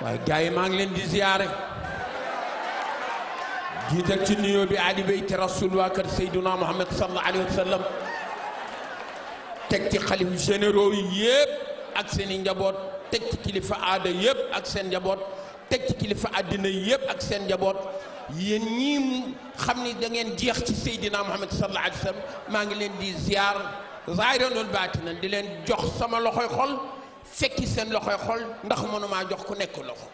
waaye gars yi maa ngi leen di ziyaare jiital ci nuyoo bi ali bayti rasul waa kër seyduna muhammad sallallahu alayhi wa sallam teg ci xalif généraux yi yëpp ak seen i njaboot teg ci kilifa aada yëpp ak seen njaboot teg ci kilifa àddina yëpp ak seen njaboot yéen ñii xam ni da ngeen jeex ci seydina muhammad sallallahu alayhi wa sallam maa ngi leen di ziyaar zaahiran wal baatinan di leen jox sama loxoy xol fekki seen loxoy xol ndax mënumaa jox ku nekk loxo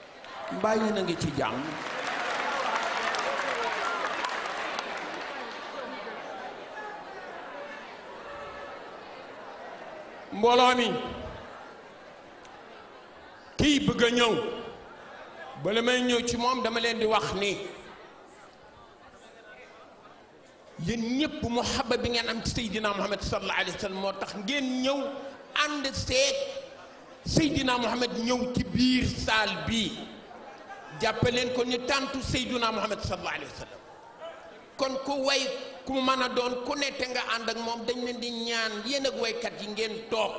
mbaa yéen a ngi ci jàmm mbooloo mi kii bëgg a ñëw bala may ñëw ci moom dama leen di wax ni yéen ñëpp muhabba bi ngeen am ci Seydina Muhammad sallallahu alayhi wa moo tax ngeen ñëw ànd seet Seydina Mohamed ñëw ci biir saal bi bii leen ko ni tàntu Seydina Mohamed sallallahu alayhi wa sallam kon ku way ku mën a doon ku ne nga ànd ak moom dañ leen di ñaan yéen ak waykat yi ngeen toog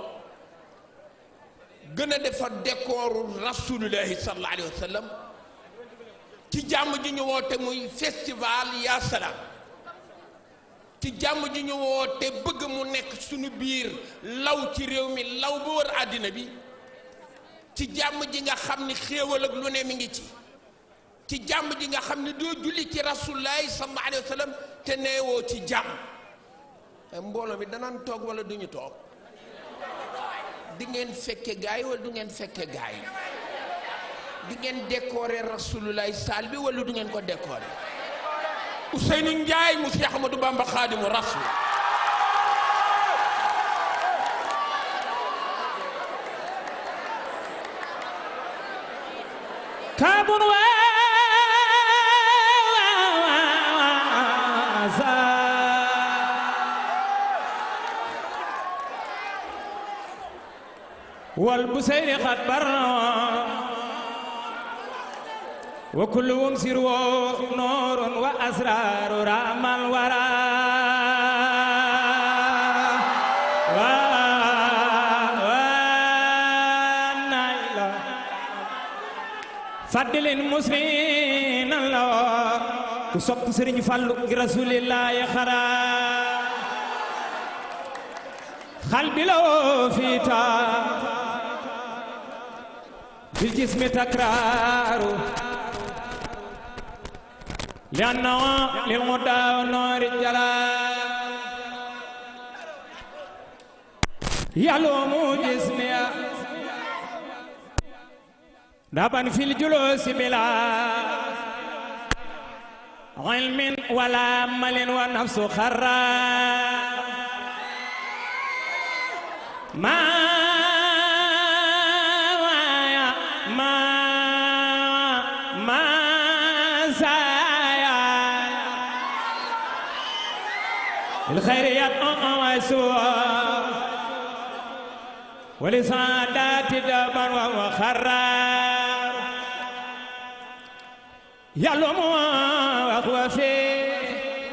gën a defar dekooru rasulullahi sallallahu alayhi wa ci jàmm ji ñu woote muy festival yaa salaam ci jàmm ji ñu woote bëgg mu nekk suñu biir law ci réew mi law ba wër àddina bi ci jàmm ji nga xam ni xéewal ak lu ne mu ngi ci ci jàmm ji nga xam ne doo julli ci rasulullahi sallallahu alayhi wa sallam ci jàmm eh, mbooloo mi danaan toog wala du toog di ngeen fekke gaay wala du ngeen fekke gaay di ngeen décorer rasulullahi saal bi wala du ngeen ko décorer Ousseynou Ndiaye mu Cheikh Ahmadou Bamba Khadimu Rasul كابون والبسير قد بر وكلهم سر نور وأسرار رام الورى fàddilin muslinan la woo ku sopp sëriñ fàllu gi rasuulillaahi xaraa xal bi la woo bil jismi takraaru li annahu lil hudaa wa nuuri jalaa yaluumu jismiya daban fil julusi bila ilmin wala malin wa nafsu xarra maaya maa maa saaya il xayriyat wa suwa wa li saadaati daban wa xarra yàlla moo wax wa fee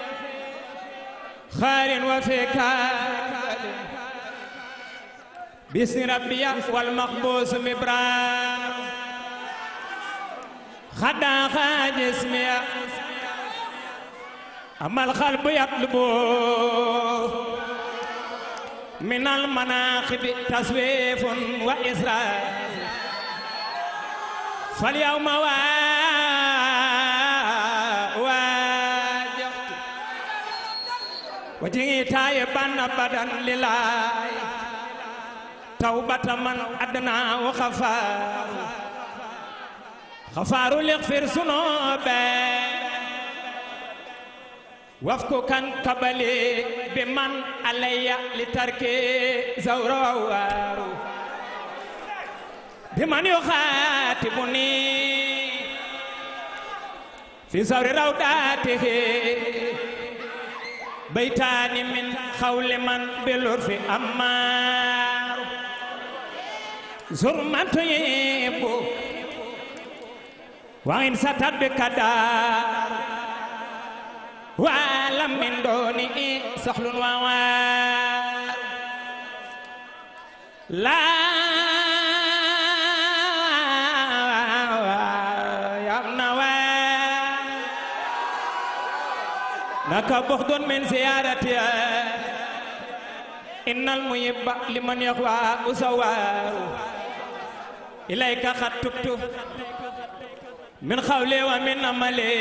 xaarin wa fee kaale bismi rabbiya wal maxbuus mi braam xadaa xaajis mi ya amal xalbu yatlubu min al manaaxibi tasweefun wa israa fal yawma waa وجئتاي بن بدن للاي توبة من أدنى وخفاء خفار لغفر سنوبا وفك كان قبلي بمن علي لترك زوروار بمن يخاطبني في زور روضاته بيتان من خول من بالعرف أمار زرمة يب وإن ستت بكدار وعلم من دونه سحل ووار لا naka buxdun min ziyaarati innal muhibba liman yaxwa usawaaw ilayka xat tubtu min xawli wa min amali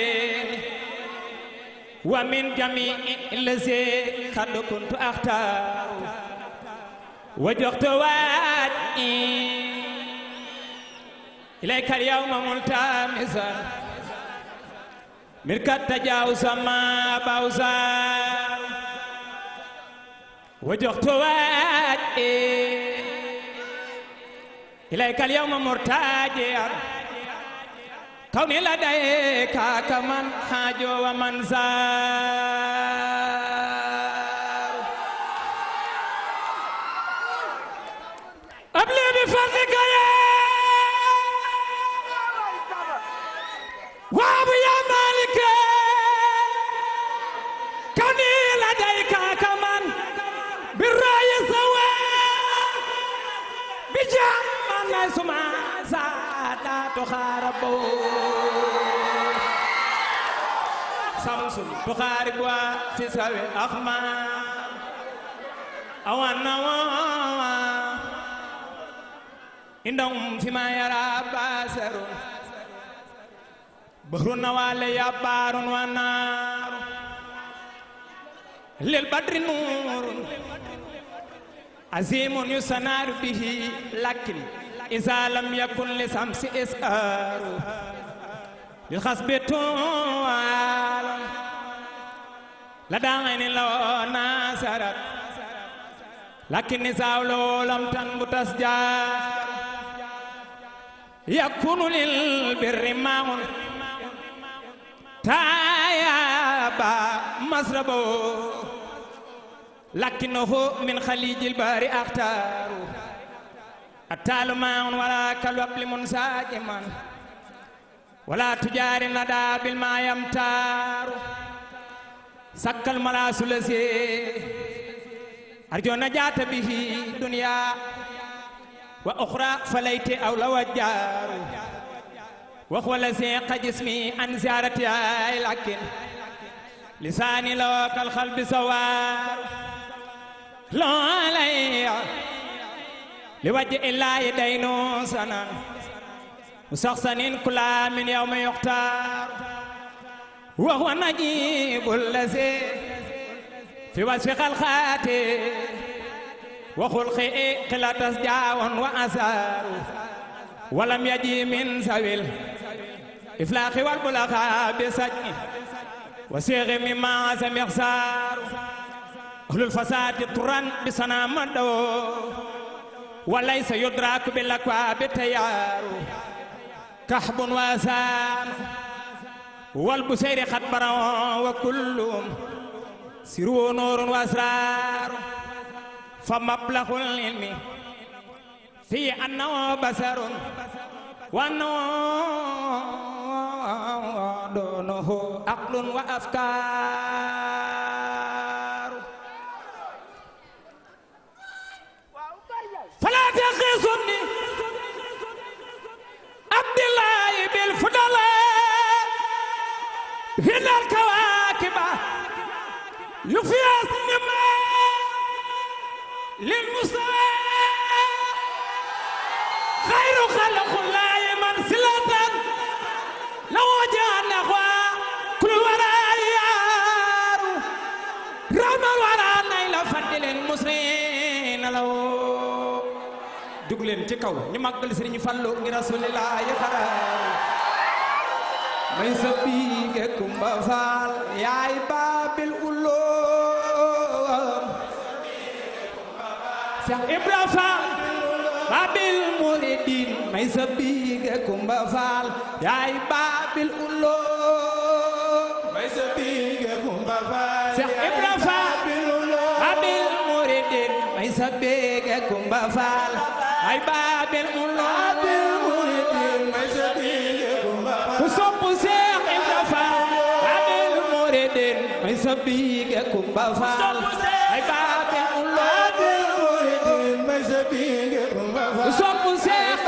wa min jamii lasi xad kuntu axtaaw wa joxtu waaj ilayka al yawma multamisa min katta jawsa ma bawsa وجهت وجهي إليك اليوم مرتاجيا كوني لديك كمن حاج ومن زار أبلي بفضلك يا وابو يا الناس ما زاد تخارب شمس تخارب في سوى الأخمام أو النوى إنهم فيما يرى باسر بحر النوى بار ونار للبدر نور عظيم يسنار به لكن إذا لم يكن لسمس إسآر للخصب طوال لدى عين لو ناصرت لكن نزاع لو لم تنبت أشجار يكون للبر ماء تايابا مزربه لكنه من خليج البار أختاره التال ماء ولا كالوبل منساجما ولا تجار الندى بالماء يمتار سك الملاس الذي أرجو نجاة به دنيا وأخرى فليت أو لو الجار وهو الذي قد جسمي عن زيارتها لكن لساني لو كالخلب سوار لا عليّ li wajj illaahi daynu sanan mu saxsanin kulaa min yawma yuxtaar wa huwa najibu lazi fi wasfi xalqaati wa xulqi xilatas jaawon wa asar walam yaji min sawil iflaaxi wal bulaxa bi sajni wa seexi mi maasa mixsaar ahlul fasaadi turan bi sanaa ma dawoo وليس يدرك بالأكواب تيار كحب وسام والبسير قد بروا وكل سرو نور وأسرار فمبلغ العلم في أنه بشر وأنه دونه عقل وأفكار هنا الكواكب يفيا السما للمساء خير خلق الله منزلة لو جاء نحو كل وراء يار رحم الورى نيل فضل المسلمين لو dugg leen ci kaw ñu màggal Sëriñ Fallu ngi Rasulillah may sa biige kumba faal yaay baabil uloom Seex Ibra Faal baabil muridin may sa biige kumba faal yaay baabil uloom may sa biige kumba faal Seex Ibra Faal baabil muridin may sa biige kumba faal ay baabil uloom may sabiik e kumba faal may baate ulloode muridin may sabiik e kumba faal sopp seex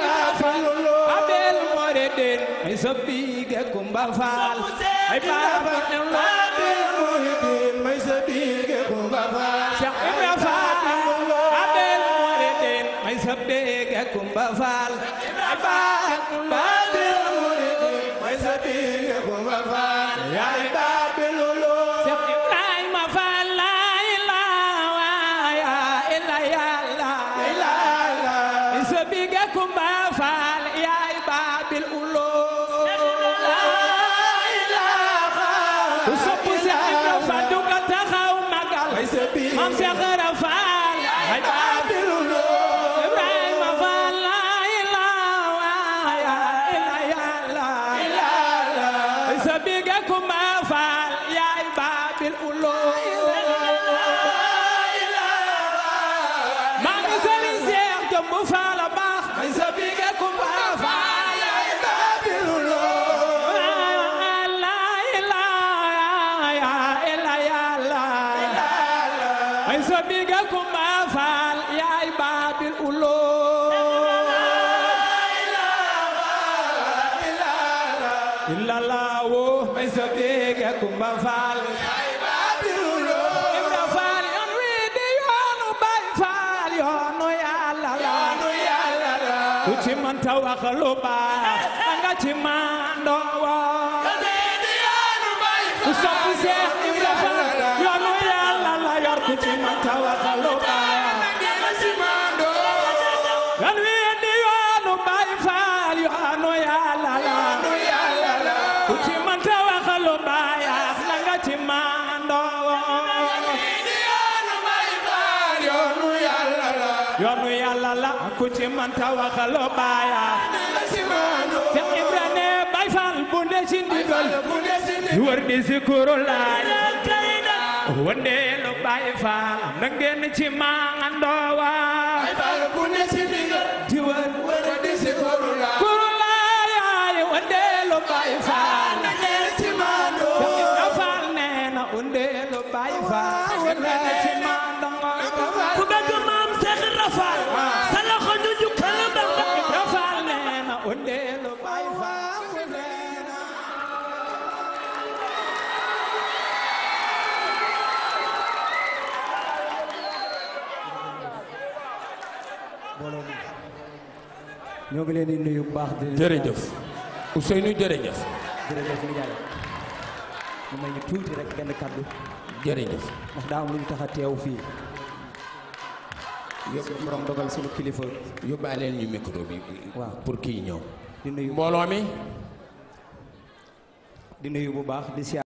abel muridin may sabiik e kumba faal may baate ulloode muridin may sabiik e kumba faal seex ibra faal abel muridin may sabiik e kumba faal may baate ulloode maam Cheikh Ibra Fall sa biga kumba faal yaay baabil uloo illallah may sa biga kumba faal yaay baabil uloo ibra faal yoon wii di yoonu bay faal yoonu yàlla la ku ci mën ta wax lu baax nga ci mandoo yoonu yàlla ku ci manta waxaloo baaya te ibra ne bay fal bu nde ci ndigal wër di sikuru laay wëndeelu bay fal na ngeen ci maandoo wa di wër wër di sikuru laay wëndeelu bay fal na ngeen ci maandoo te ibra fal nee na wëndeelu bay fal mbooloo mi ñoo ngi leen di nuyu bu baax. jërëjëf Ousseynou jërëjëf. jërëjëf Ndiaye mu may ñu tuuti rek benn kaddu. jërëjëf ndax daa am lu ñu tax a teew fii. yóbbu borom dogal kilifa. yóbbaaleel ñu micro bi. waaw pour kii ñëw. di nuyu mbooloo mi. di nuyu bu baax di